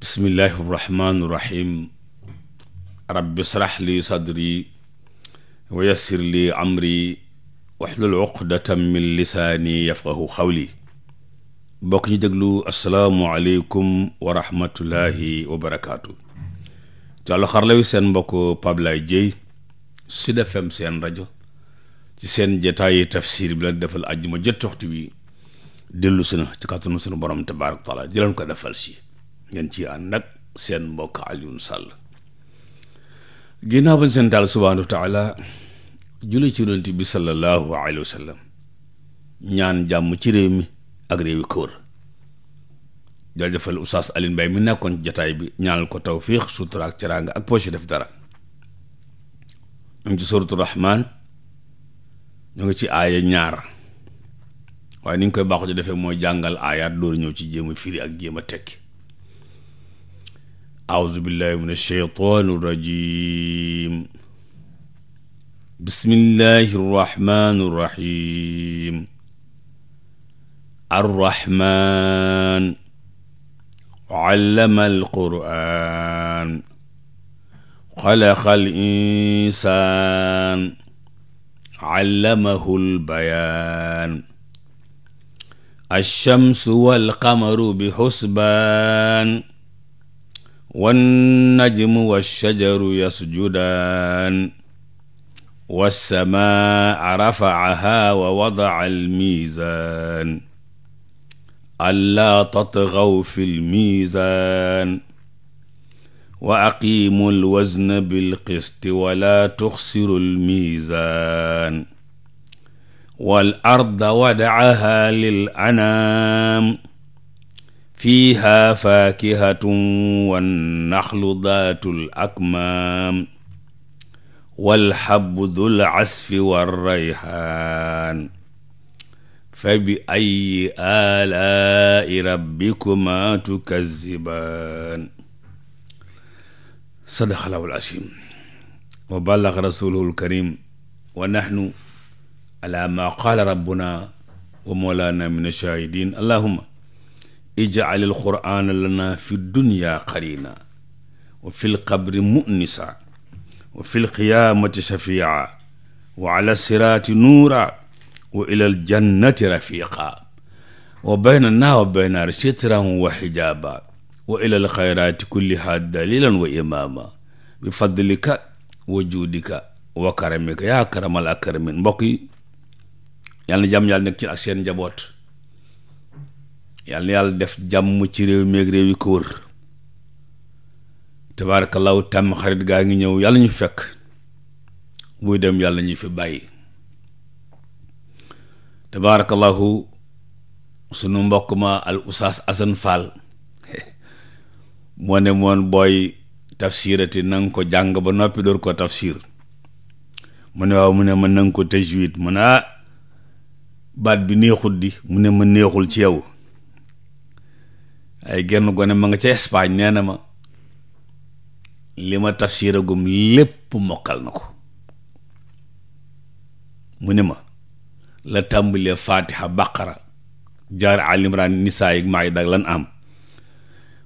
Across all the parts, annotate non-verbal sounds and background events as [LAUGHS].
bismillahi irrahmani irrahim rabbi srax li sadri wa yassir li amri waxlul uqdatan min lisaani yafqahu xawli bokk ñu déglu asalaamualeykum wa rahmatullahi wa barakaatu càllu xarla wi seen mbokk Pablaye Dieye Sud FM seen rajo ci seen jataayi tafsir bi la defal àjjuma jot waxtu wi dellu si na ci kàttanu sunu borom tabaaraka taala di leen ko defal si ngeen ci ànd nag seen mbokk Alioune Sall ginnaaw bañ seen taal subhaanahu wa taala julli ci yonent bi sallallahu alayhi wa ñaan jàmm ci réew mi ak réew yi ko wër jaajëfal Oustaz Alioune Mbaye mu nekkoon jataay bi ñaanal ko tawfiix sutura ak teraanga ak poche def dara ñu ngi ci suratu rahman ñoo ngi ci aaya ñaar waaye ni ñu koy baaxu defee mooy jàngal aayaat dooru ñëw ci jéem a firi ak jéem a tekki auzu billahi min alsheytaan irrajim bismillahi irrahmani irrahim arrahman allama alquran xalaqa al insan allamahu albayaan alchamsu walqamaru bi xusbaan wannajmu washajaru yasjudaan wassamaa rafaaha wa wadaa almiizaan allaa tatgaw fi lmiizaan wa aqiimu lwazna bilqisti wala tuxsiru lmiizaan wal arda wadaaha lil anaam fiiha faakihatun wannaxlu daatul akmaam walxabbu dul asfi warrayxaan fa bi ayi aalaai rabbikumaa tukazzibaan sadaqallaahu al-aziim wa ballaga rasuuluhu al-kariim wa naxnu alaa maa qaala rabbunaa wa mawlaanaa mina shaahidiin allahumma ijaalil quraana lana fi dunya qarina wa fi lqabri munisa wa fi lqiyaamati shafia wa ala siraati nuura wa ila aljannati rafiqa wa baynana wa bayna sitran wa xijaaba wa ila alxayraati kulliha dalilan wa imaama bi fadlika wa juudika wa karamika yaa karamal akramin mbokk yi yàlla na jàmm yàlla nekk ci ak seen njaboot yàlla yàlla def jàmm ci réew mi ak réew yi ko wër tàmm xarit gaa ngi ñëw yàlla ñu fekk buy dem yàlla ñu fi bàyyi tabaarakallaahu sunu mbokk ma al usaas asan faal moo ne moon booy tafsirati na ko jàng ba noppi door ko tafsir mu ne waaw mu ne ma nanga ko tajwid mu ne ah baat bi neexul di mu ne ma neexul ci yow ay genn gone ma nga ca Espagne nee na ma li ma tafsiragum lépp mokkal na ko mu ne ma la tàmbalee Fatiha Baqara jaar Alimran Nisaa yi maa ngi dag lan am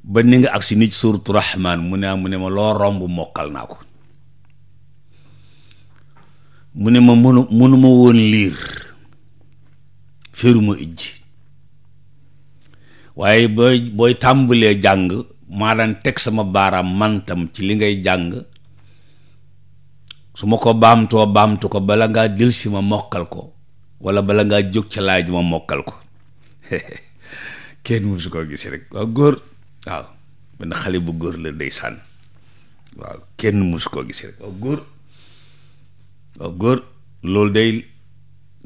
ba ni nga agsi ni ci suuratu Rahmaan mu ne ah, mu ne ma loo romb mokkal naa ko mu ne ma mënu mënuma woon liir féeruma ijji waaye booy booy tàmbalee jàng maa daan teg sama baaraam mantam ci li ngay jàng su ma ko baamtoo baamtu ko bala ngaa delsi ma mokkal ko wala bala ngaa jóg ca laaj ma mokkal ko [LAUGHS] kenn musu koo góor waaw xale bu góor la ndeysaan waaw kenn musu koo gis rek waaw góor góor loolu day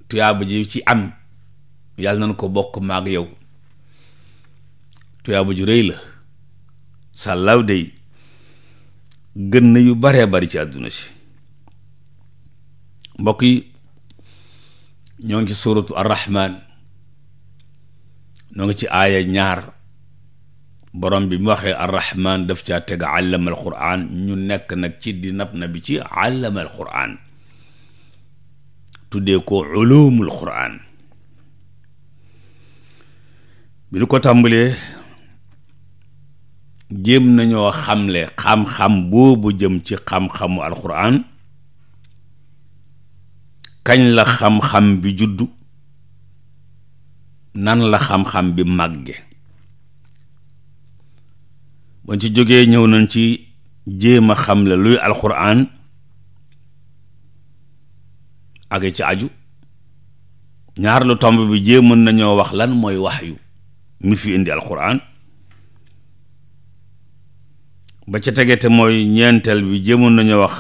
tuyaaba ji ci am yàlla nañ ko bokk maag yow tuyaaba ju rëy la sàllaaw dey gën na yu baree bari ci àdduna si mbokk yi ñoo ngi ci suuratu arrahman ñoo ngi ci aaya ñaar borom bi mu waxee arrahman def caa teg àllama al quran ñu nekk nag ci di nab na bi ci àllama al quran tuddee ko ulumul quran bi ñu ko tàmbalee jéem nañoo xamle xam-xam boobu jëm ci xam-xamu alxuraan kañ la xam-xam bi juddu nan la xam-xam bi màgge bañ ci jógee ñëw nañ ci jéem a xamle luy alxuraan ak ci aju ñaar lu tomb bi jéemën nañoo wax lan mooy wax yu mi fi indi alxuraan ba ca tegete mooy ñeenteel bi jëmoon nañu wax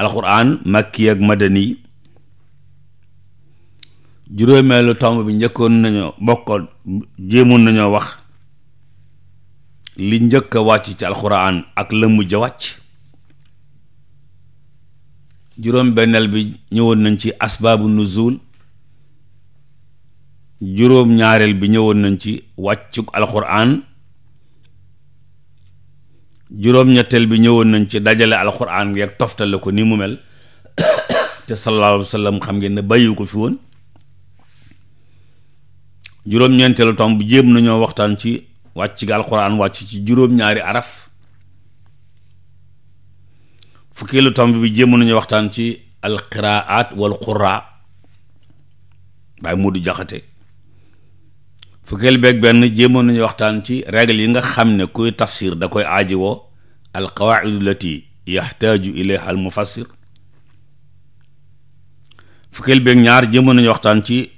alxuraan makki ak madani juróomeelu tomb bi njëkkoon nañu bokkoon jéemoon nañoo wax li njëkk a wàcc ci alxuraan ak la mujj wàcc juróom benneel bi ñëwoon nañ ci asbaabu nuzul juróom ñaareel bi ñëwoon nañ ci wàccuk alxuraan juróom-ñetteel bi ñëwoon nañ ci dajale alxuraan bi ak toftale ko nii mu mel [COUGHS] te sallallahu alayhi xam ngeen ne bàyyi ko fi woon juróom-ñeenteelu tomb bu jéem nañoo waxtaan ci wàcc ga alxuraan wàcc ci juróom-ñaari araf fukkeelu tomb bi jéem nañoo waxtaan ci alqiraat wal quraa mu Moodu Jaxate fukkeel beeg benn jéemoon nañu waxtaan ci règle yi nga xam ne kuy tafsir da koy aajowoo al qawaidu lati yaxtaaju ñaar jéemoon nañu waxtaan ci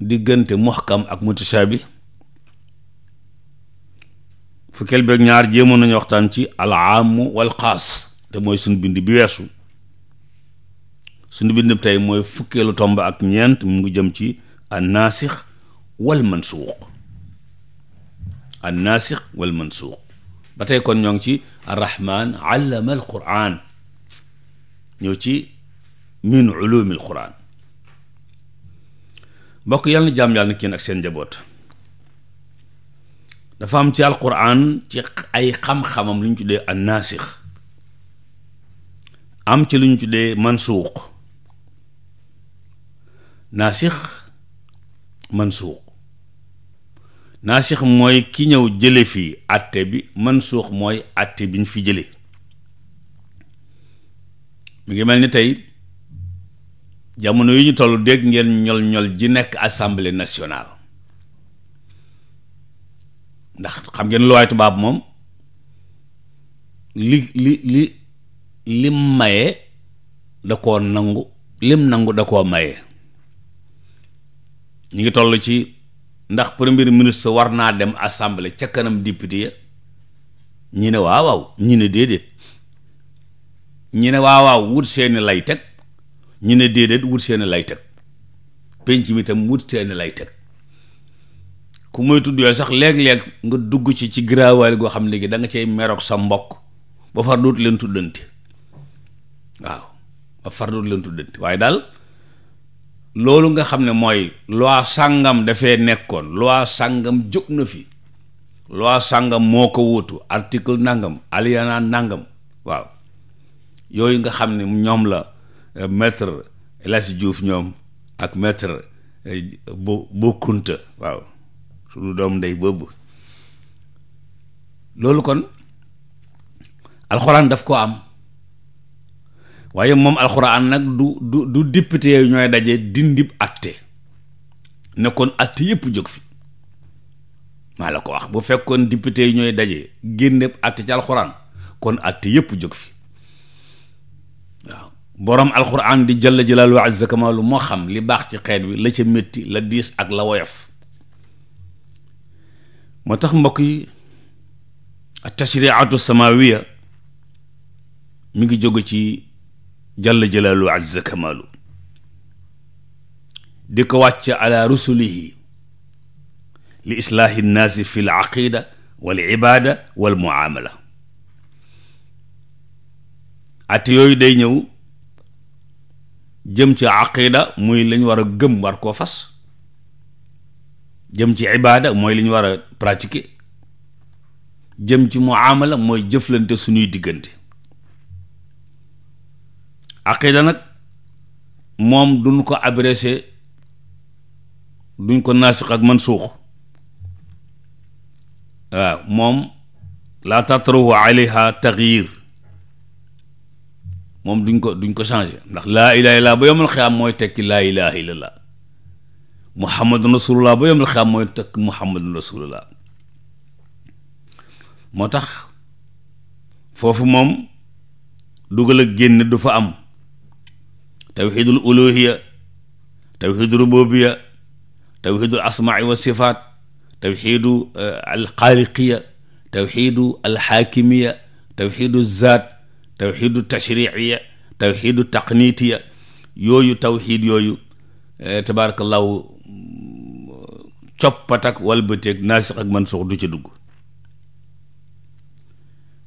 diggante muhkam ak mutashabi fukkeel beeg ñaar jéemoon nañu waxtaan ci al aamu wal xaas te mooy sunu bind bi weesu sunu bind tey mooy fukkeelu tomb ak ñeent mu ngi jëm ci an wal mansuuq an naasix wal mansuuq ba tey kon ñoo ngi ci arrahman allama al quran ñëw ci min ulumi al quran mbokk yàlla na jàmm yàlla na kenn ak seen njaboot dafa am ci alquran ci ay xam-xamam lu ñu tuddee an naasix am ci lu ñu tuddee mansuuq naasix mansuuq naasix mooy ki ñëw jële fi atte bi man suux mooy atte biñ fi jële mu ngi mel ni tey jamono yi ñu toll dégg ngeen ñol ñol ji nekk assemblée nationale ndax xam ngeen luwaay tubaab moom li li li lim maye da koo nangu lim nangu da koo maye ñu ngi toll ci ndax premier ministre war naa dem assemblée ca kanam député ya ñi ne waaw waaw ne déedéet ñi ne waaw waaw wut seeni lay teg ñi ne déedéet wut seeni lay teg penc mi tam wut seeni lay teg ku muy tudd yooyu sax léeg-léeg nga dugg ci ci giraawaali goo xam ne gi da nga cay sa mbokk ba far dootu leen tuddante waaw ba far dootu leen tuddante waaye daal loolu nga xam ne mooy loi sàngam dafee nekkoon loi sàngam jóg na fi loi sàngam moo ko wóotu article nangam alinéa nangam waaw yooyu nga xam ne ñoom la eh, maître El Hadji Diouf ñoom ak maître bu eh, bu waaw suñu doom ndey boobu loolu kon alxuraan daf ko am waaye moom alxuraan nag du du du ñooy daje dindib atte ne kon atte yépp jóg fi maa la ko wax bu fekkoon député ñooy daje génne atte ci alxuraan kon atte yépp jóg fi waaw boroom alxuraan di jalla jalaalu wa azza kamaalu moo xam li baax ci xeet wi la ci metti la diis ak la woyof moo tax mbokk yi tashriatu samawiya mu ngi jóge ci jalla jalaalu azza kamaalu di ko wàcc ala rusulihi li islaahi nnaasi fi l aqida wal ibaada wal muamala at yooyu day ñëw jëm ci aqida muy lañ war a gëm war koo fas jëm ci ibaada mooy li ñu war a pratiquer jëm ci muamala mooy jëflante suñuy diggante aqida nag moom duñ ko abrese duñ ko naasix ak mansuux waaw moom laa tatrahu alayha taxyir moom duñ ko duñ ko changé ndax laa ilaha illallah ba yowmal xiyaam mooy tekki laa ilaha illallah muhammadun rasulullah ba yowmal xiyaam mooy tekki muhammadun rasulullah moo tax foofu moom dugal ak génn du fa am tawxidul uluhiya tawxidu rububiya tawxidu asmaai wa sifaat tawxidu eh, alxaaliqiya tawxidu alxaakimiya tawxidu zaat tawxidu tashriiya tawxidu taqniitiya yooyu tawxid yooyu eh, tabaarakallahu coppatak walbateeg naasix ak mansuux du ci dugg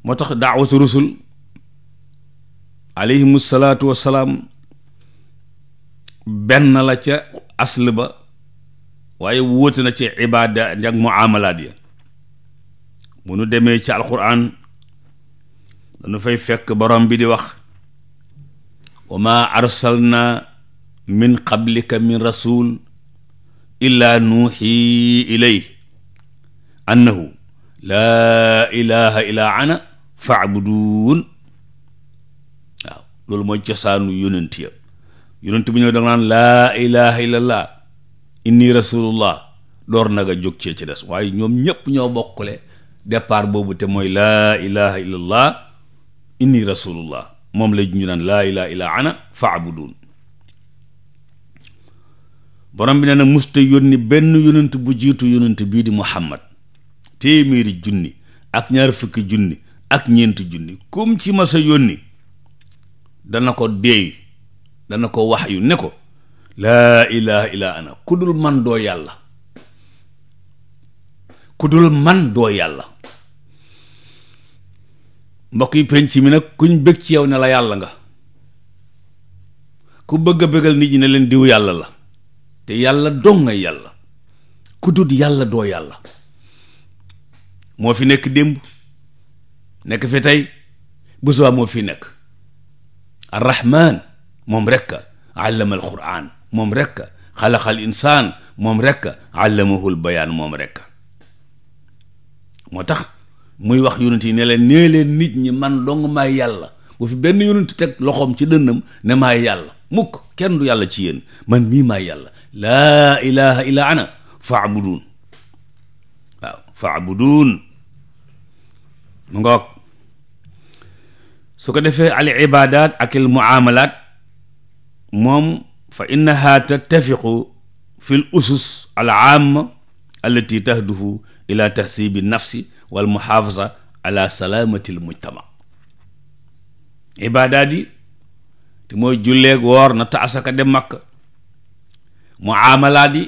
moo tax daawatu rusul alayhim salaatu wassalaam benn la ca asl ba waaye wóote na ci ibaada ak muamalaat ya bu nu demee ci alquran dañu fay fekk borom bi di wax wa maa arsalna min qablika min rasul illa nuuxi ilay annahu laa ilaha illa ana faabuduun waaw loolu mooy cosaanu yónent ya yonent bu ñëw da naan laa ilaha illallah inni rasulullah door na nga jóg cee ci des waaye ñoom ñépp ñoo bokkule départ boobu te mooy laa ilaha illallah inni rasulullah moom la ñu naan laa ilaha illa ana faabudun borom bi nee na musta yónni benn yonent bu jiitu yonent bii di muhammad téeméeri junni ak ñaar fukki junni ak ñeenti junni kum ci yoon yónni dana ko deey dana ko wax yu ne ko laa ilaha illa ana ku dul man doo yàlla ku man doo yàlla mbokk yi penc mi nag kuñ bëgg ci yow ne la yàlla nga ku bëgg a bëggal nit ñi ne leen diw yàlla la te yàlla dong nga yàlla ku yàlla doo yàlla moo fi nekk démb nekk fi tey bu subaa moo fi nekk arrahman moom rekk allama al quraan moom rekk xalaqal insaan moom rekk allamahul bayaan moom rekk moo tax muy wax yonent yi ne leen nee nit ñi man dong maay yàlla bu fi benn yonent teg loxoom ci dënnam ne maay yàlla mukk kenn du yàlla ci yéen man mii maay yàlla laa ilaha illa ana faabudun waaw faabudun mu ngoog su ko defee al ibadat ak al muamalat moom fa innaha tattafiqu fi l usus al aama allati tahdufu ila tahsibi nafsi wal muhaafasa ala salaamati l mujtama ibaadaat yi te mooy julleeg woor na ta asaka dem makka mu aamalaat yi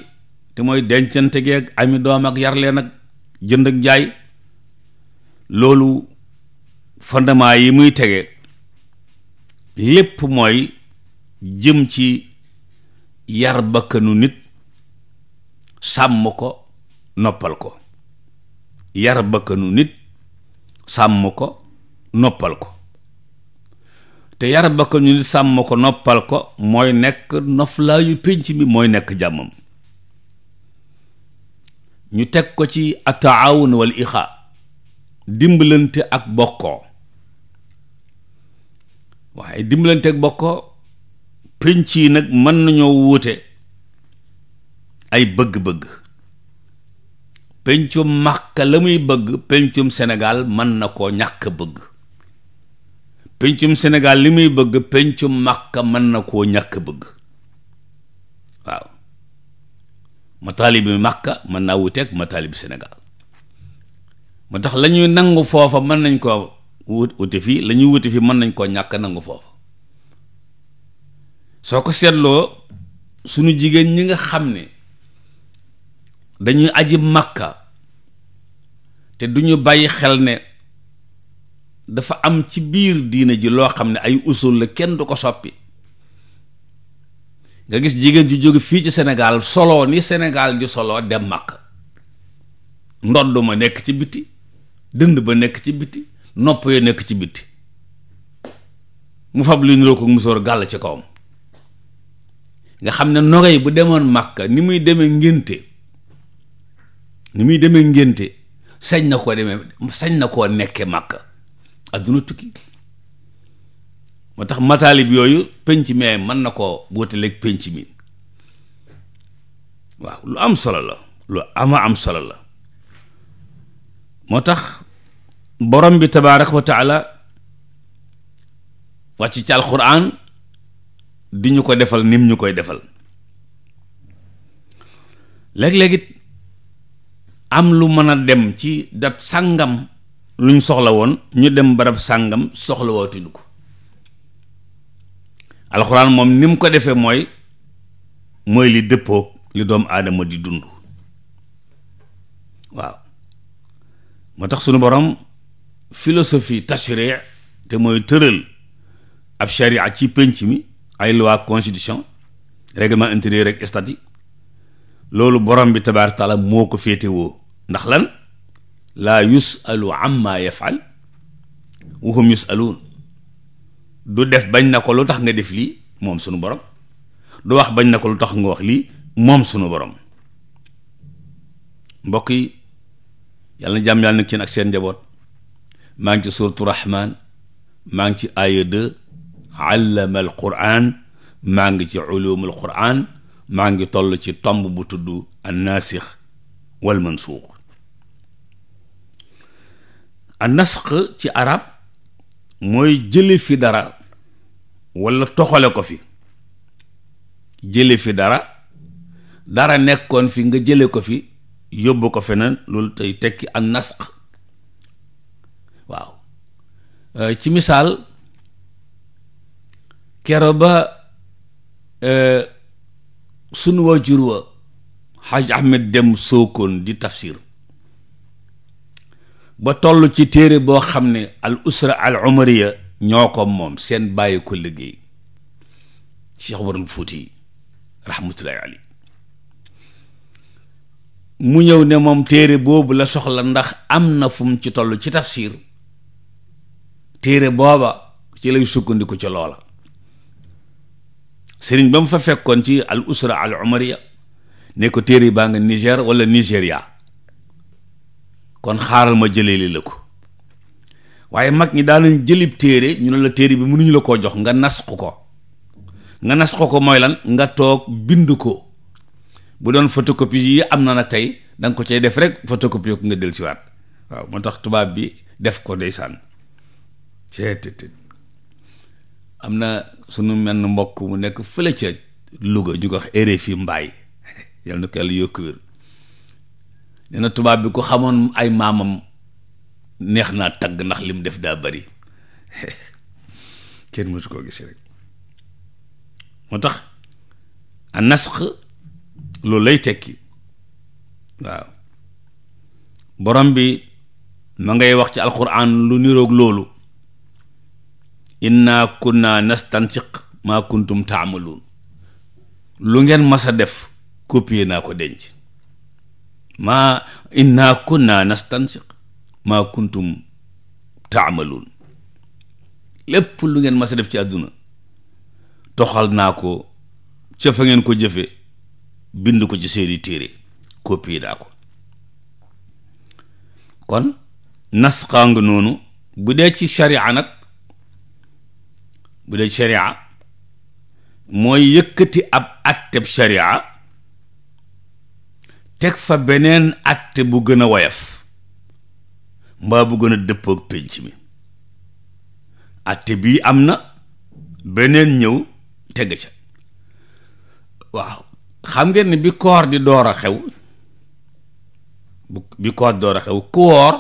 te mooy dencante geeg ami doom yar leen ak jënd ak loolu fondement yi muy tege lépp mooy jëm ci yar nit sàmm ko noppal ko yar nit sàmm ko noppal ko te yar bakkanu nit sàmm ko noppal ko mooy nekk noflaayu pénc mi mooy nekk jàmmam ñu teg ko ci ataawun wal ixaa dimbalante ak bokkoo waaye dimbalante ak bokkoo pénc yi nag mën nañoo wuute ay bëgg-bëgg péncum Màkka la muy bëgg péncum senegal mën na koo ñàkk bëgg péncum Sénégal li muy bëgg péncum Màkka mën na koo ñàkk bëgg waaw mataalibi Màkka mën naa wuuteeg mataalibi senegal moo tax la ñuy nangu foofa mën nañ koo wut wute fii la ñuy wute fii mën nañ koo ñàkk nangu foofa soo ko seetloo sunu jigéen ñi nga xam ne dañuy aji màkka te duñu bàyyi xel ne dafa am ci biir diina ji loo xam ne ay usul la kenn du ko soppi nga gis jigéen ju jóge fii ci senegaal solo ni senegaal ju solo dem màkk ndodd ma nekk ci biti dënd ba nekk ci biti nopp ya nekk ci biti mu fab lu ñu ko musóor gàll ci kawam nga xam ne nogay bu demoon màkka ni muy demee ngénte ni muy demee ngénte sañ na koo demee sañ na koo nekke màkka adduna tukki moo tax mataalib yooyu penc mee mën na koo bóotaleeg penc mi waaw lu am solo la lu ama am solo la moo tax borom bi tabaaraka wa wàcc ci alquran di ñu ko defal nim ñu koy defal léeg-léeg am lu mën a dem ci dat sàngam luñ soxla woon ñu dem barab sàngam soxla wootuñu ko alxuraan moom ni mu ko defee mooy mooy li dëppoog li doomu aadama di dund waaw moo tax sunu borom philosophie tashri te mooy tëral ab sharia ci pénc mi ay loi constitution règlement intérieur ak statut loolu borom bi tabaaraka taala moo ko féetewoo ndax lan laa yusalu amma yafal wa hum yusaluun du def bañ na ko lu tax nga def lii moom sunu borom du wax bañ na ko lu tax nga wax lii moom sunu borom mbokk yi yàlla na jàmm yàlla nag ci ak seen njaboot maa ngi ci suuratu Rahmaan maa ci aaya 2 allama al quran maa ngi ci ulumul quran maa ngi toll ci tomb bu tudd annaasix wal mansuux annasx ci arab mooy jële fi dara walla toxale ko fi jële fi dara dara nekkoon fi nga jële ko fi yóbbu ko feneen loolu tey tekki annasx waaw euh, ci misaal kero ba e, sunu waajur wa xaj ahmed dem sookoon di tafsir ba toll ci téere boo xam ne al usra al umariya ñoo ko moom seen bàyyi ko liggéey Cheikh Omarul Fuuti rahmatullahi ali mu ñëw ne moom téere boobu la soxla ndax am na fu ci toll ci tafsir téere booba ci lay sukkandiku ci loola sëriñ ba mu fa fekkoon ci al usra al umariya ne ko téere baa nga Niger wala Nigeria kon xaaral ma jëlee li la ko waaye mag ñi daanañ jëlib téere ñu ne la téere bi mënuñu la koo jox nga nas ko nga nas ko ko mooy lan nga toog bind ko bu doon photocopie yi am na nag tey danga ko cay def rek photocopie ko nga dellusiwaat waaw moo tax tubaab bi def ko ndeysaan. am na sunu menn mbokk mu nekk fële ca Louga ñu ko wax RFI mbaay yal na ko yàlla yokk wér nee tubaab bi ku xamoon ay maamam neex naa tagg ndax lim def daa bari [LAUGHS] kenn mësu koo gis rek moo tax a nasq loolu lay tekki waaw borom bi ma ngay wax ci alquran lu niroog loolu inna kunna nastansiq maa kuntum taamaluun lu ngeen mas def copier naa ko denc maa inna kunna nastansiq maa kuntum taamaluun lépp lu ngeen mas a def ci àdduna toxal naa ko ca ngeen ko jëfe bind ko ci seeni téere copier naa ko kon nasxaa nga noonu bu dee ci sharia nag bu dee sharia mooy yëkkati ab acte sharia teg fa beneen acte bu gën a woyof mbaa bu gën a dëppoo ak pénc mi bii am na beneen ñëw teg ca waaw xam ngeen ne bi koor di door a xew bi koor door a xew ku woor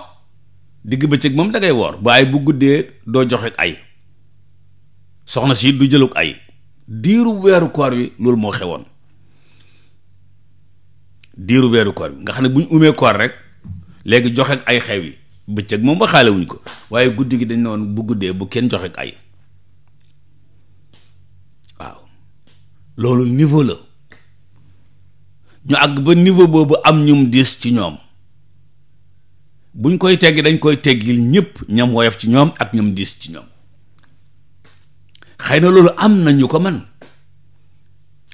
digg bëccëg moom dangay woor waaye bu guddee doo joxe ay soxna si du jëlug ay diiru weeru koor wi loolu moo xewoon diiru weeru koor wi nga xam ne bu ñu umee koor rek léegi joxe ak ay xew yi bëccëg moom ba xaale wuñ ko waaye guddi gi dañ ne woon bu guddee bu kenn joxe ak ay waaw loolu niveau la ñu àgg ba niveau boobu am ñum diis ci ñoom buñ koy teggi dañ koy teggil ñëpp ñam woyof ci ñoom ak ñum diis ci ñoom xëy na loolu am na ñu ko man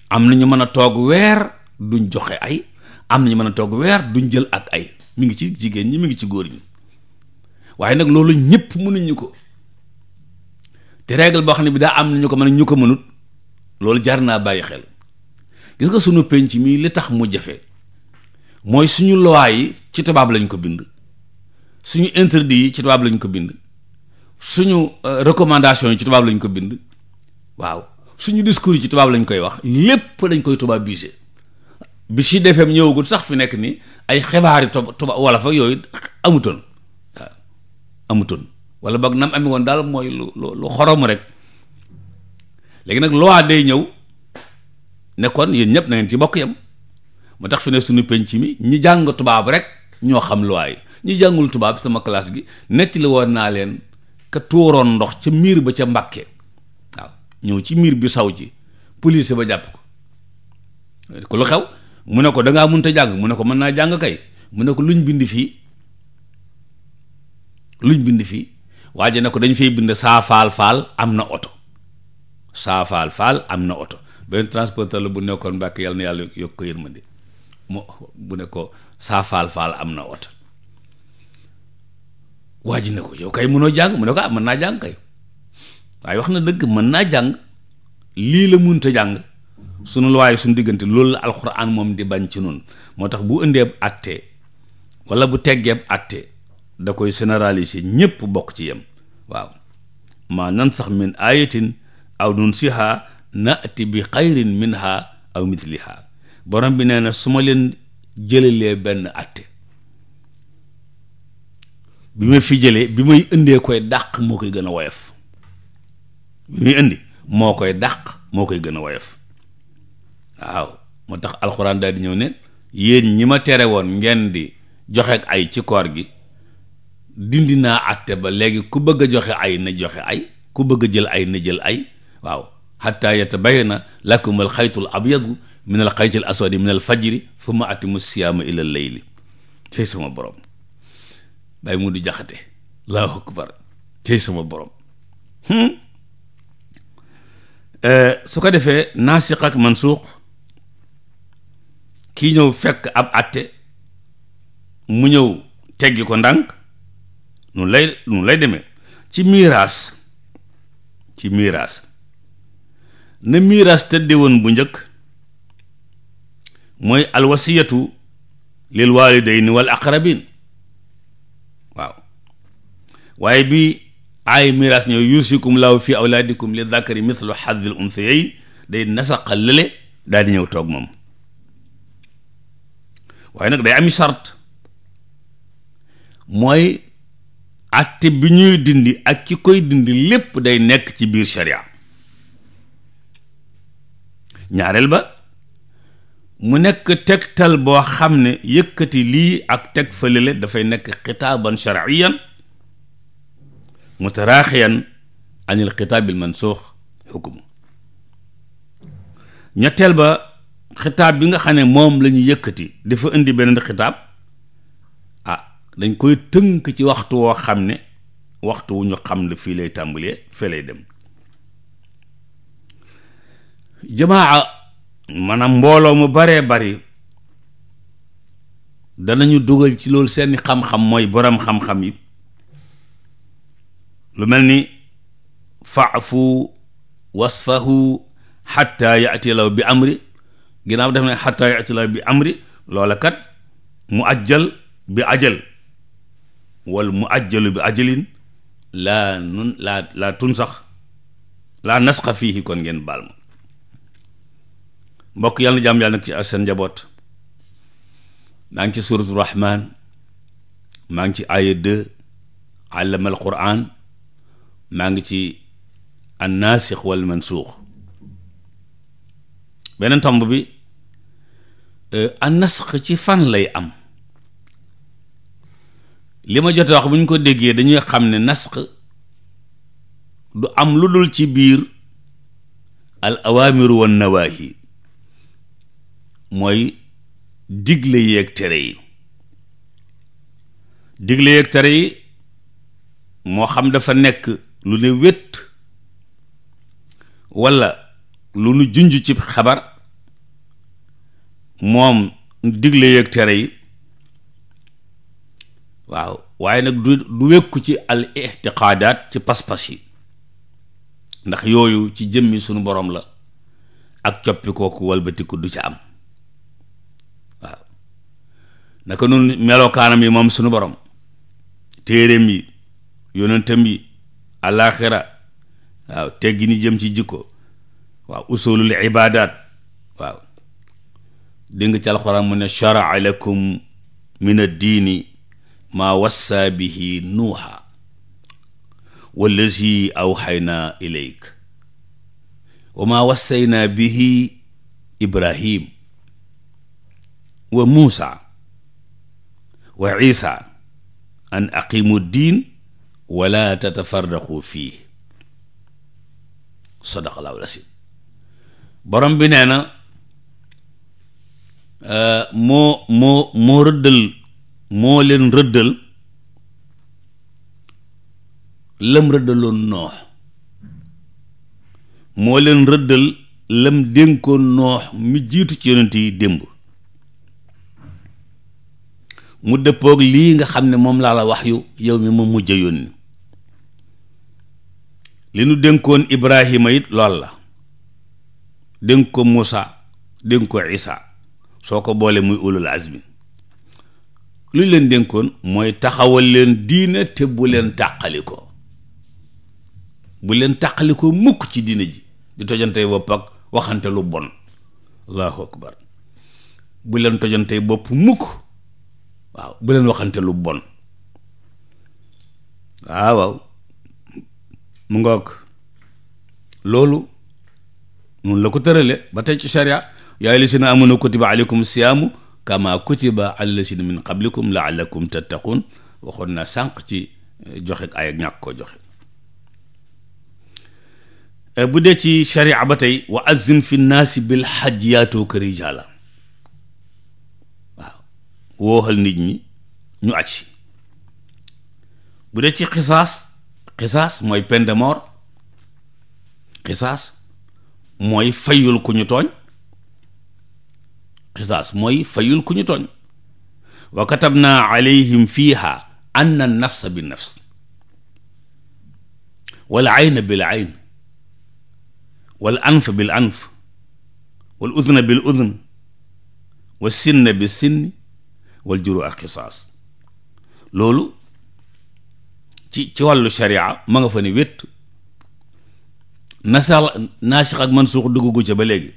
am na ñu mën a toog weer duñ joxe ay am na ñu mën a toog weer duñ jël ak ay mi ngi ci jigéen ñi mi ngi ci góor ñi waaye nag loolu ñëpp ñu ko te règle boo xam ne bi daa am na ñu ko mën ñu ko mënut loolu jar naa bàyyi xel gis nga sunu penc mii li tax mu jafe mooy suñu loi yi ci tubaab lañ ko bind suñu interdit yi ci tubaab lañ ko bind suñu euh, recommandation yi ci tubaab lañ ko bind waaw suñu discours yi ci tubaab lañ koy wax lépp lañ koy tubaab bise bi si defeem ñëwagul sax fi nekk ni ay xibaari tubaab wala fa yooyu amutoon waaw amutoon wala boog nam ami daal mooy lu lu xorom rek léegi nag loi day ñëw nekkoon kon yéen ñëpp na ngeen ci bokk yam moo tax fi ne suñu penc mi ñi jàng tubaab rek ñoo xam loi yi ñi jàngul tubaab sama classe gi netti woon naa leen ka tuuroon ndox ca miir ba ca Mbàkke ñëw ci miir bi saw ji police ba jàpp ko ko lu xew mu ne ko dangaa mënta jàng mu ne ko mën naa jàng kay mu ne ko luñ bind fii luñ bind fii waa ji ne ko dañ fay bind saafaal faal am na oto saafaal faal am na oto benn transporteur bu nekkoon mbàkk yàlla na yàlla yokk ko yërmande mu ne ko saafaal faal am na oto waa ji ne ko yow kay mënoo jàng mu ne ko ah mën naa jàng kay waaye wax na dëgg mën naa jàng lii la munta jàng sunu waaye suñu diggante loolu la alxuraan moom di bañ ci noonu moo tax bu indee àttee walla bu teggeeb àttee da koy généraliser ñépp bokk ci yem waaw maa nan sax min ayatin aw nunsiha naati bi xayrin minha aw misliha borom bi nee na su ma leen jëlalee benn àtte bi ma fi jële bi may indee koy dàq moo koy gën a woyof bi indi moo koy dàq moo koy gën a woyof waaw moo tax alxuraan daal di ñëw ne yéen ñi ma tere woon ngeen di joxe ay ci koor gi dindi naa àtte ba léegi ku bëgg a joxe ay na joxe ay ku bëgg a jël ay na jël ay waaw xataa bay na al xaytul abyadu min al xaytil aswadi min al fajri thumma atimu siyaama ila al layli tey sama borom bay mu du jaxate allahu akbar tey sama borom hmm? Euh, su ko defee naasix ak mansuux ki ñëw fekk ab àtte mu ñëw teggi ko ndànk nun lay nun lay demee ci miiraas ci miiraas na miiraas tëdde woon bu njëkk mooy alwasiyatu lil waalidayni wal aqrabin waaw waaye bi ay miraas ñëw yuusikum laaw fi awlaadikum li zakari mithlu xadil unsayayn day nasaqal lële daal di ñëw toog moom waaye nag day ami sart mooy atte bi ñuy dindi ak ki koy dindi lépp day nekk ci biir sharia ñaareel ba mu nekk tegtal boo xam ne yëkkati lii ak teg fële dafay nekk xitaaban shariyan mutaraaxiyan anil xitaabil mansuux xukmu ñetteel ba xitaab bi nga xam ne moom la ñu yëkkati dafa indi beneen xitaab ah dañ koy tënk ci waxtu woo xam ne waxtu wu ñu xam la fii lay tàmbalee fee lay dem jamaa maanaam mbooloo mu baree bari danañu dugal ci loolu seeni xam-xam mooy boroom xam-xam yi lu mel ni faafu wasfahu xatta yatilaw bi amri ginnaaw def ne xatta yatilaw bi amri loola kat mu ajjal bi ajal wal mu ajjalu bi ajalin la nun laa laa tun sax fiihi kon ngeen baal ma mbokk yàlla na jàmm yàlla nag ci seen njaboot maa ngi ci suuratu rahmaan maa ngi ci aaya al quran maa ngi ci annaasix wal mansuux beneen tomb bi euh, annasx ci fan lay am li ma jot wax bu ko déggee dañuy xam ne nasx du am lu dul ci biir al awaamiru wan nawaahi mooy digle yéeg tere yi digle yeeg tere yi moo xam dafa nekk lu ne wét walla lu nu junj ci xabar moom digle yeeg tere yi waaw waaye nag du du ci al itiqaadaat ci pas-pas yi ndax yooyu ci jëmmi sunu borom la ak coppi kooku walbatiku du ca am waaw naka noonu melokaanam yi moom sunu boroom téeréem yi yonentam yi alaaxira waaw teggi ni jëm ci jikko waaw usulul ibaadaat waaw dégg nga ci alxuraan mu ne sharaa lakum min addiini maa wassaa bihi nuuha wallazi awxaynaa ilayk wa maa wassaynaa bihi ibrahim wa muusa wa isa an aqimu diin wala tatafarraqu fii sadaqallaahu l borom bi nee na euh, moo moo moo rëddal moo leen rëddal lëm rëddaloon noox moo leen rëddël lam dénkoon noox mi jiitu ci yonent yi démb mu dëppoog lii nga xam ne moom laa la wax yu yow mi ma mujj yoon yónni li nu dénkoon Ibrahima it lool la dénk ko Moussa dénk ko Isa soo ko boolee muy ulul azmi lu leen dénkoon mooy taxawal leen diine te bu leen tàqali ko bu leen tàqali ko mukk ci diine ji di tojantey bopp ak waxante lu bon allahu akbar bu leen tojantey bopp mukk waaw bu leen waxante lu bon waaw waaw mu ngoog loolu noonu la ko tërale ba tey ci sharia yaa ayyuhal lazina amanu kutiba aleykum siyaamu kama kutiba alal lazina min qablikum laallakum tattaqun waxoon na sànq ci eh, joxe ay ak ñàkk joxe eh, bu dee ci sharia ba tey wa azzin fi naasi bil hajj yaatoo ka rijaala waaw wooxal nit ñi ñu aj bu dee ci xisaas xisaas mooy peine de mort xisaas mooy fayul ku ñu tooñ xisaas mooy fayul ku ñu tooñ wa katabna alayhim fiha anna an nafsa bi nafs wal ayna bil ayn wal anf bil anf wal udna bil udn wa sinna bi sinn wal juru ak xisaas loolu ci ci wàllu sharia ma nga fa ne wét nasax naasix ak mansuux duggugu ca ba léegi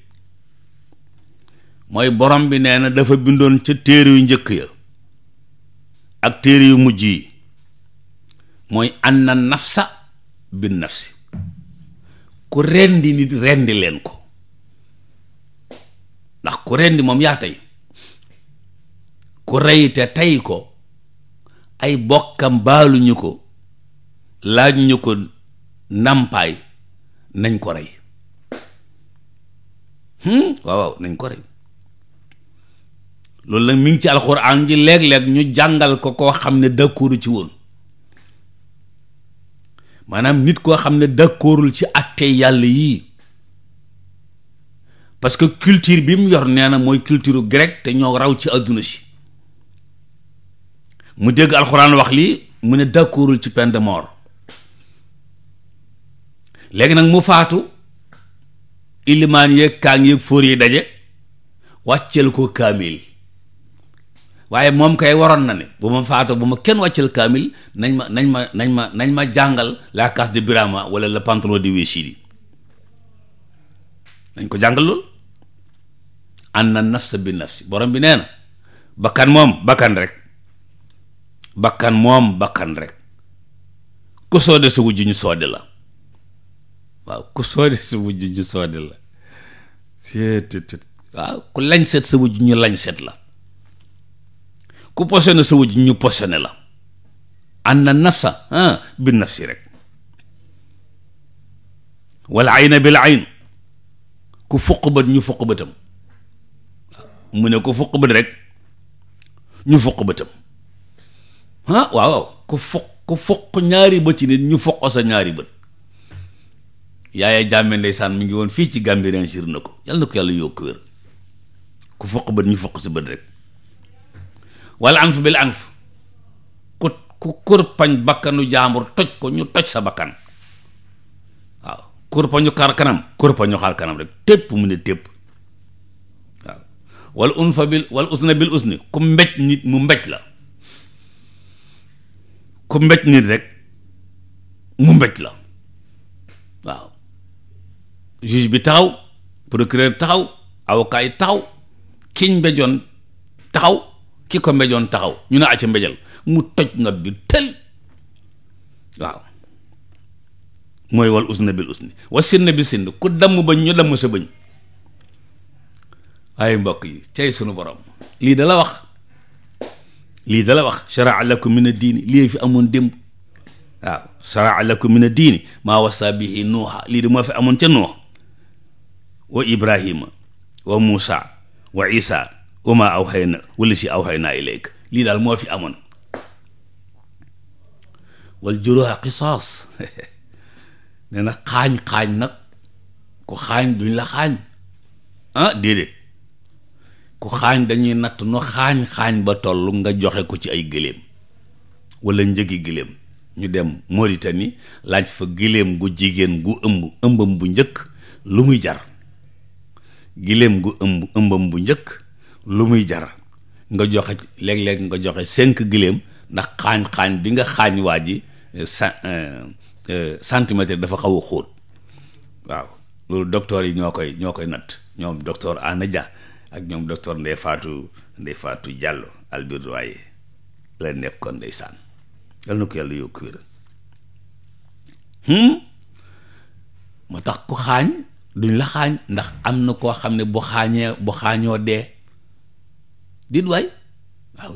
mooy borom bi nee na dafa bindoon ca téere yu njëkk ya ak téere yu mujj yi mooy anna nafsa bin nafsi ku rendi nit rendi leen ko ndax ku rendi moom yaa tey ku rey te tey ko ay bokkam baaluñu ko laaj ñu ko ndàmpaay nañ ko rey hmm? waaw waaw nañ ko rey loolu nag mi ngi ci alxuraan ji léeg-léeg ñu jàngal ko koo xam ne d'accordul ci woon maanaam nit koo xam ne d'accordul ci acte yàlla yii parce que culture bi mu yor nee na mooy culture grecque te ñoo raw ci àdduna si mu dégg alxuraan wax lii mu ne d'accordul ci peine de mort léegi nag mu faatu ilimaan yeeg kaang yeeg fóor yi daje wàccel ko kaamil waaye moom kay waroon na ne bu ma faatoo bu ma kenn wàccel kaamil nañ ma nañ ma nañ ma jàngal la case de Birama wala le pantalon de Wésiri nañ ko jàngal lool ànd na nafsa bi nafsi borom bi nee bakkan moom bakkan rek bakkan moom bakkan rek ku soode sa wujju ñu soode la waaw ku soodi sa wujj ñu soodi la seet waaw ku lañ sa wujj ñu lañ set la ku posone sa wujj ñu posone la an na nafsa ah, bi nafsi rek wal ayna bil ayn ku mu ne ku fuq bët rek ñu fuq bëtam ah waaw waaw ku fuq ku fuq ñaari bët ci nit ñu fuq sa ñaari bët yaaya jàmme ndeysaan mi ngi woon fii ci Gambie réussir na ko yàlla na ko yàlla yokk wér ku foq bët ñu foq si bët rek wala am fi bil am fa ku ku kurpañ bakkanu jaambur toj ko ñu toj sa bakkan waaw kurpañu xar kanam kurpañu xar kanam rek tépp mu ne tépp waaw wala un fa bil wala usna bil usni ku mbéj nit mu mbej la ku mbéj nit rek mu mbéj la juge bi taxaw procureur taxaw avocat yi taxaw kiñ mbejoon taxaw ki ko mbejoon taxaw ñu ne acca mbejal mu toj not bi tël waaw mooy wal usna bi usni wa sinna bi sinn ku damm bañ ñu damm sa bëñ waaye mbokk cay sunu borom lii dala wax lii dala wax sharaa lakum min ad-diini lii fi amoon démb waaw sharaa lakum min ad-diini maa wasaa bihi nuuha lii di moo fi amoon ca nuux wa ibrahima wa muusa wa isa wa ma aw xay na wala si aw ilayk lii daal moo fi amoon wal juruha qisaas [LAUGHS] nee na xaañ-xaañ nag ku xaañ duñ la xaañ ah déedéet ku xaañ dañuy natt no xaañ-xaañ ba toll nga joxe ko ci ay gëléem walla njëgi gëléem ñu dem Mauritanie laaj fa gëléem gu jigéen gu ëmb ëmbam bu njëkk lu muy jar giléem gu ëmb ëmbam bu njëkk lu muy jar nga joxe léeg-léeg nga joxe cinq giléem ndax xaañ-xaañ bi nga xaañ waa ji euh, euh, euh, centimètre dafa xaw a xóot waaw loolu docteur yi ñoo koy ñoo koy natt ñoom docteur Ana Dia ak ñoom docteur Ndeye faatu Ndeye faatu Diallo Albir Royer la nekkoon ndeysaan yal na ko yàlla yokk wér hmm? moo tax ku xaañ duñ la xaañ ndax am na koo xam ne bu xaañee xaañoo dee dit waay waaw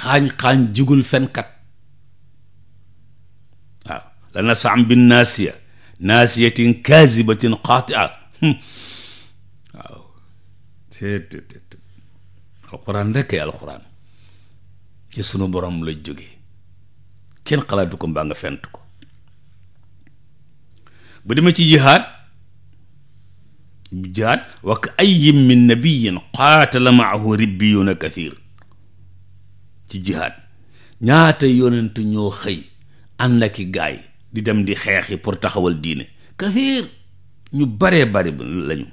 xaañ-xaañ jigul fenkat waaw la nasam bin naasiya naasiyatin kaasibatin xaatia waaw tt alquran rekk alquran ci sunu borom la jógee kenn xalaatu ko mbaa nga fent ko bu demee ci jihaad jaat wa ay ayyin min nabiyyin qaatala maahu ribbiyuuna kathiir ci jihaad ñaata yonent ñoo xëy ànd ak i gaay di dem di xeexi pour taxawal diine kathiir ñu baree bari lañu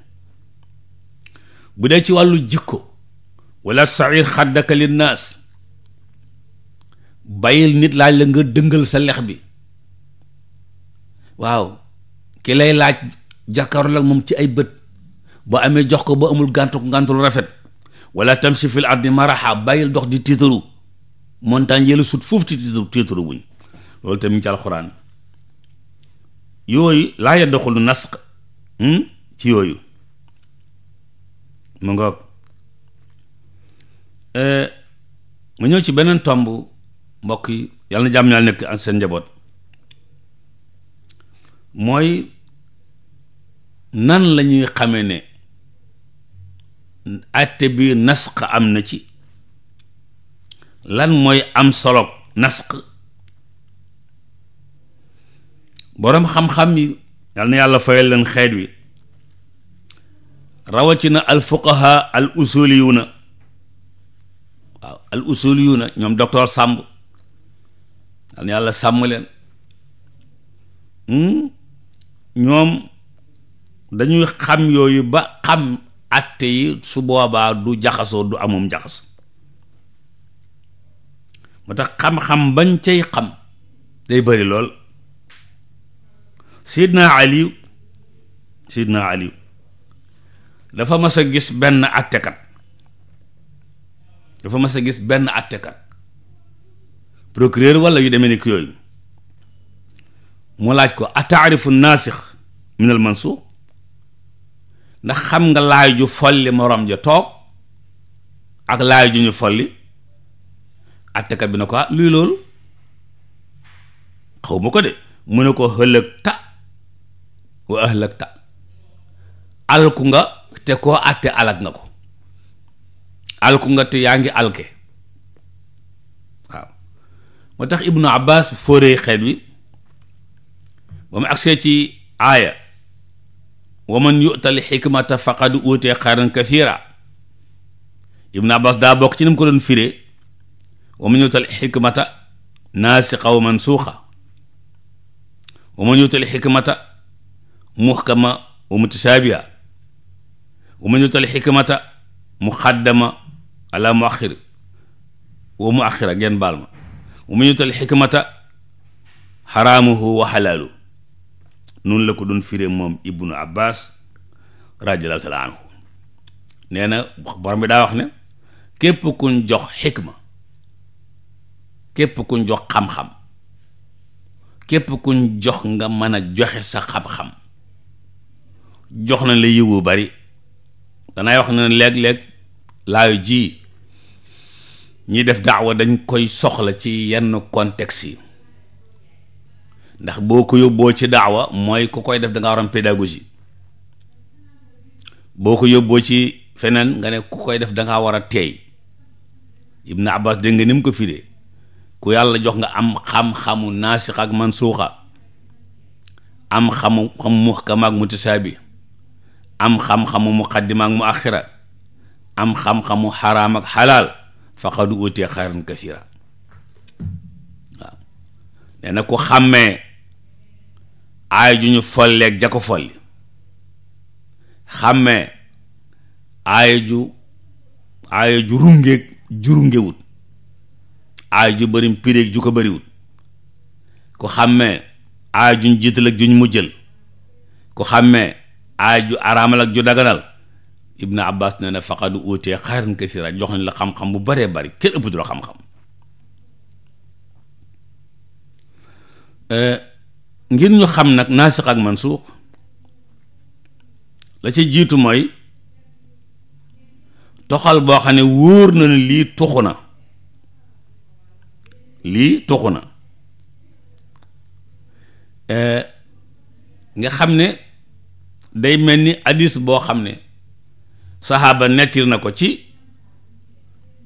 bu dee ci wàllu jikko wala sair xaddaka linnaas bàyyil nit laaj la nga dëngal sa lex bi waaw ki lay laaj jàkkaarloo ak moom ci ay bët ba amee jox ko ba amul gàntu lu rafet wala tamshi fil ardi maraha bàyyil dox di tiitaru montagne yëla sut foofu ti tiitaru tiitaru wuñ loolu tamit ci alxuraan yooyu laa yaddaxulu nasq hmm? ci yooyu mu ngoog eh, mu ñëw ci beneen tomb mbokk yi yàlla na jàmm ñaal nekk ak seen njaboot mooy nan lañuy xamee ne atte bi nasq am na ci lan mooy am solo nask boroom xam-xam yi yal na yàlla fayal leen xeet wi rawatina al fuqaha al usuliyuna waaw al usuliyuna ñoom docteur Samb yal na yàlla sàmm leen hmm? ñoom dañuy xam yooyu ba xam atte yi su boobaa du jaxasoo du amum jaxas moo tax xam-xam bañ cay xam day bari lool sidna aliw sidna aliw dafa mas a gis benn attekat dafa mas a gis benn attekat procureur walla yu demee ni ki yooyu mu laaj ko ataarifu naasix min al mansuux ndax xam nga laay ju folli morom ja toog ak laay ju ñu folli attekat bi na ko ah, luy loolu xaw ma ko de mu ne ko xëlëg ta wa ahlëg ta alku nga te koo àtte alak nga ko alku nga te yaa ngi alke waaw moo tax ibnu abbas fóoree xel wi ba mu agsee ci aaya wa man yu'tal xikmata faqad uutee xayran kathira ibnu daa bokk ci ko doon firee wa man yu'tal xikmata naasiqa wa mansuuqa wa man muhkama wa mutasaabiha wa man muqaddama ala muaxir wa muaxira ngeen baal ma wa man yu'tal xikmata noonu la ko doon firee moom ibnu abbas radiallahu taala anhu nee na borom bi daa wax ne képp kuñ jox xikma képp kuñ jox xam-xam képp kuñ jox nga mën a joxe sa xam-xam jox na la yiwu bari danay wax ne léeg-léeg laayu ji ñi def daawa dañ koy soxla ci yenn contexte yi ndax boo ko yóbboo ci daawa mooy ku koy def danga nga war am boo ko yóbboo ci feneen nga ne ku koy def danga ngaa war a teey Ibn Abbas dégg nga ni ko firee ku yàlla jox nga am xam-xamu naasix ak mansuuxa am xamu xam muhkam ak am xam-xamu muqaddima mu axira am xam-xamu xaraam ak xalaal faqad utee kasira waaw nee ku xàmmee aay ju ñu folleeg ja ko folli xàmmee aay ju aay ju rungeeg ju rungewut aay ju bërim piréeg ju ko bëriwut ku xàmmee aay juñ jiital ak juñ mujjal ku xàmmee aay ju araamal ak ju daganal ibnu abbas nee na faqad uutee xayran kasira jox la xam-xam bu baree bari kenn ëpp du xam-xam eh, ngir ñu xam nag naasix ak mansuux la ci jiitu mooy toxal boo xam ne wóor na ne lii tuxu na lii tuxu na eh, nga xam ne day mel ni hadis boo xam ne saxaaba nettir na ko ci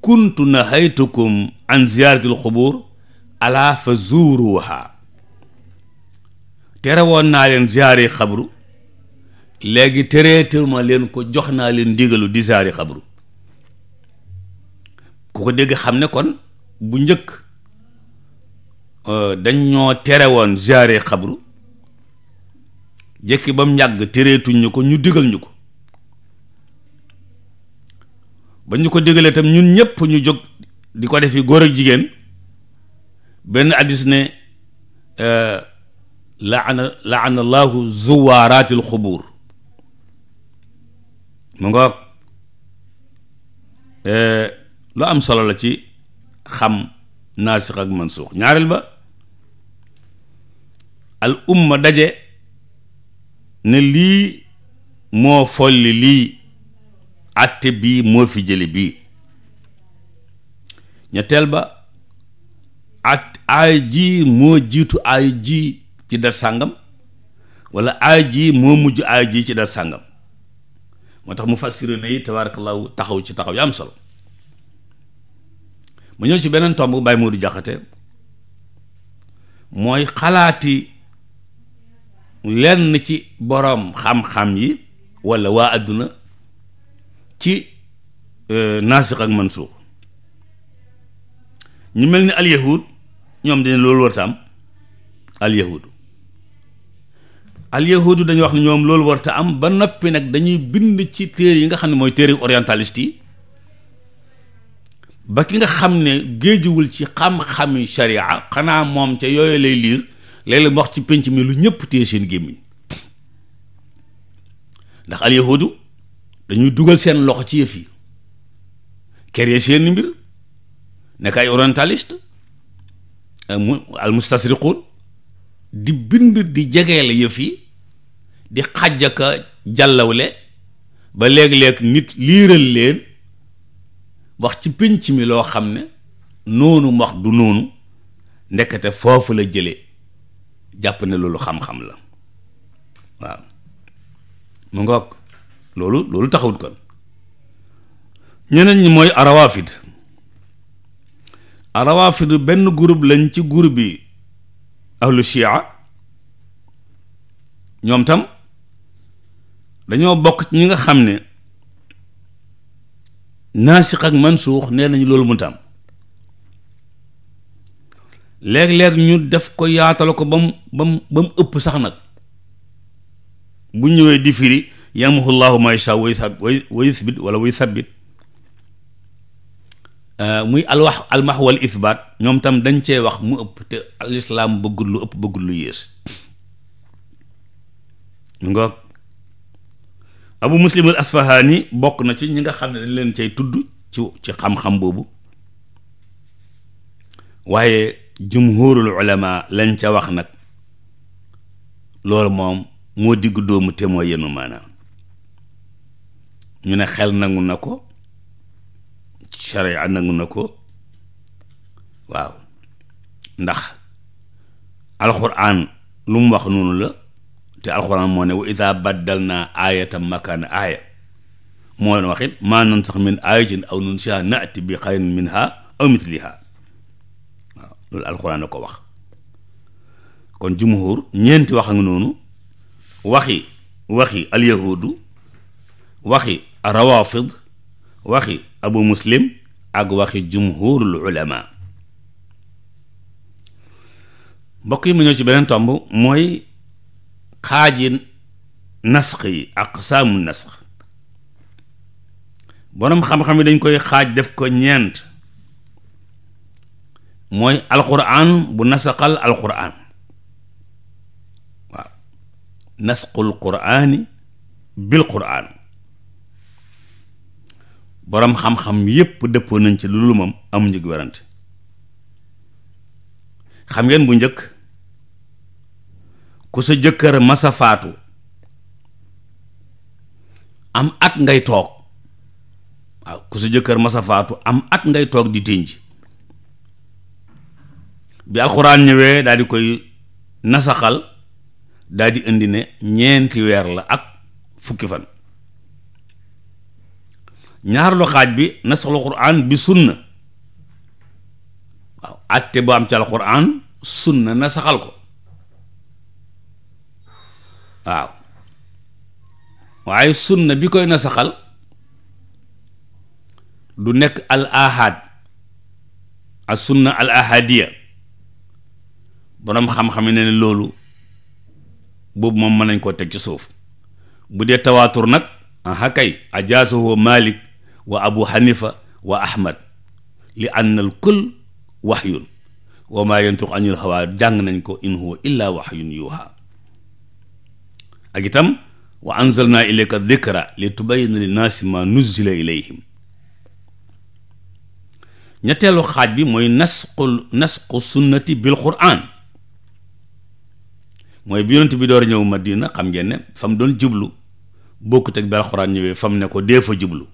kuntu nahaytukum an ziyaaratil xubuur alaa fa zuuruha tere woon naa leen ziyaare xabru léegi tereetuma leen ko jox naa leen diggalu di ziyaare xabru ku ko dégg xam ne kon bu njëkk euh, dañ ñoo tere woon ziyaare xabru jëkki ba mu yàgg tereetuñ ko ñu digal ñu ko ba ñu ko digalee tam ñun ñëpp ñu jóg di ko defi góor jigéen benn addis ne euh, laana laana laahu zuwaaraatil xubuur mu nga e, lu am solo la ci xam naasix ak mansuux ñaareel ba al umma daje ne lii moo folli lii àtte bii moo fi jële bii ñetteel ba at aay moo jiitu aay ji ci dar sàngam wala aaji moo mujj aaji ci dar sàngam moo tax mu fassiru na yi tabaarakallaahu taxaw ci taxaw yi am solo mu ñëw ci beneen tomb Baye du Diakhaté mooy xalaati lenn ci boroom xam-xam yi walla waa àdduna ci euh, naasix ak mansuux ñu mel ni al yahud ñoom dañ loolu warta am alyahudu dañuy wax na ñoom loolu war ta am ba noppi nag dañuy bind ci téere yi nga xam ne mooy téere orientaliste yi ba ki nga xam ne géejuwul ci xam-xami sharia xanaa moom ca yooyu lay liir léeg-léeg wax ci pénc mi lu ñëpp téye seen gémmiñ ndax alyahudu dañuy dugal seen loxo ci yëf yi kere seen mbir nekk ay orientaliste al di bind di jegeel yëf yi di xàjj aka jàllawle ba léeg-léeg nit liiral leen wax ci pénc mi loo xam ne noonu wax du noonu ndekete foofu la jële jàpp ne loolu xam-xam la waaw mu ngoog loolu loolu taxawut kon ñeneen ñi mooy arawaafid arawaafid benn groupe lañ ci groupe bi ahlu shia ñoom tam dañoo bokk ñi nga xam ne naasix ak mansuux nee nañu loolu mënta am léeg-léeg ñu def ko yaatal ko ba mu ba ëpp sax nag bu ñëwee di firi yamhu may ma yasha wa wa yuthbit wala wa yuthabbit euh, muy alwax almax wal ñoom tam dañ cee wax mu ëpp te alislaam bëggul lu ëpp bëggul lu yées [COUGHS] mu abu muslim al asfahaani bokk na ci ñi nga xam ne dañ leen cay tudd ci ci xam-xam boobu waaye jumhurul ulama lañ ca wax nag loolu moom moo digg doomu te moo yenu maanaam ñu ne xel nangu na ko sharia nangu na ko waaw ndax alxuraan lu mu wax noonu la te alxuraan moo ne wa ida baddal naa aayata makaana aaya moo leen min aayatin aw nun siha bi xayrin min aw mitliha ko wax kon jumhur ñeenti wax nga noonu waxi waxi alyahudu waxi rawafid waxi abu muslim ak waxi jumhurul ulama mbokk yi ma ñëw ci beneen tomb mooy xaaji nasx yi ak aqsaamu nasx boroom xam-xam yi dañ koy xaaj def ko ñeent mooy alquran bu nasaxal alquran waaw nasqul quraani bil quran boroom xam-xam yépp dëppoo nañ ci loolu am amuñu werante xam ngeen bu njëkk ku sa jëkkër masafaatu am at ngay toog ku sa jëkkër masa am at ngay toog di tënj bi alxuraan ñëwee daal di koy nasaxal daal di indi ne ñeenti weer la ak fukki fan ñaarlu xaaj bi nasaxal alxuraan bi sunna waaw atte bu am ci alxuraan sunna nasaxal ko waaw waaye sunna bi koy nasaxal du nekk al ahad as sunna al ahadiya boroom xam-xam ne loolu boobu moom mën nañ koo teg ci suuf bu dee tawaatur nag aha kay ajaasahu malik wa abu hanifa wa ahmad li anna al kull waxyun wa maa yantiqu anil hawa jàng nañ ko in huwa illa waxyun yuuha ak itam wa anzalna ilayka dhikra li tubayyina linnaasi ma nuzzila ilayhim ñetteelu xaaj bi mooy nasqul nasqu sunnati bil quraan mooy bi yonent bi door ñëw Madina xam ngeen ne fa doon jublu bokkut ak bi alxuraan ñëwee fa mu ne ko dee fa jublu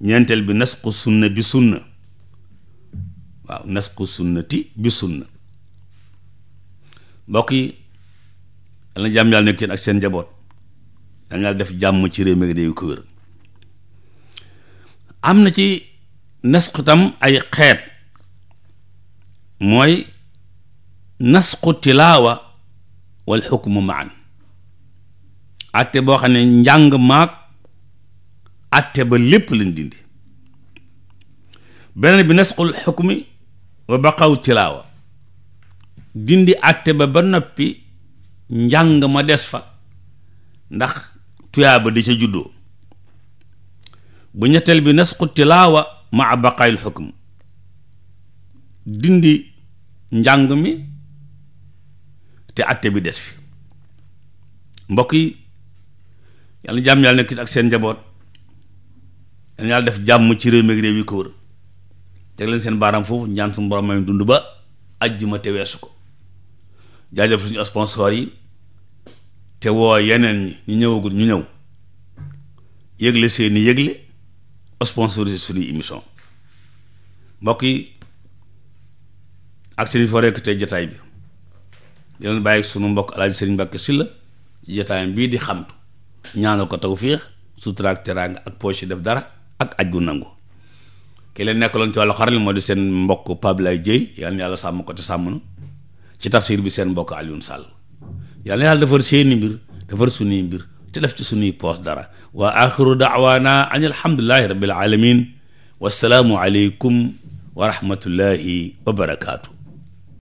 ñeenteel bi nasqu sunna bi sunna waaw nasqu sunnati bi sunna yal na jàmm yàlla nekk yéen ak seen njaboot yal na def jàmm ci réew mi nga dee ko wér am na ci nasqu tam ay xeet mooy nasqu tilaawa wal xukmu maan atte boo xam ne njàng maag atte ba lépp lañ dindi beneen bi nasqul xukmi wa baqaw tilaawa dindi atte ba ba noppi njàng ma des fa ndax tuyaaba di ca juddoo bu ñetteel bi nasqu tilaawa ma baqaayil xukm dindi njàng mi te atte bi des fi mbokk yi yàlla jàmm yàlla nekk ak seen njaboot yàlla yàlla def jàmm ci réew mi ak réew yi ko wër teg leen seen baaraam foofu ñaan suñu borom may dund ba ajjuma te weesu ko jaajëf suñu sponsor yi te woo yeneen ñi ñu ñëwagul ñu ñëw yëgle seeni yëgle sponsorisé suñuy émission mbokk yi ak seen foo rekk tey jataay bi di leen bàyyi sunu mbokk alaaji sëriñ Mbàkke Sylla ci bii di xamtu ñaanal ko tawfiix sutura ak teraanga ak poche def dara ak aj gu nangu ki leen nekkaloon ci wàllu xaral moo di seen mbokk Pape Lay Dieye yàlla sàmm ko te sàmm na ci tafsir bi seen mbokk Alioune sàll yàlla na yàlla defar seeni mbir defar suñuy mbir te def ci suñuy poos dara wa axiru daawaana an alhamdulilahi rabbil alamin wasalaamu aleykum wa rahmatullahi wa barakaatu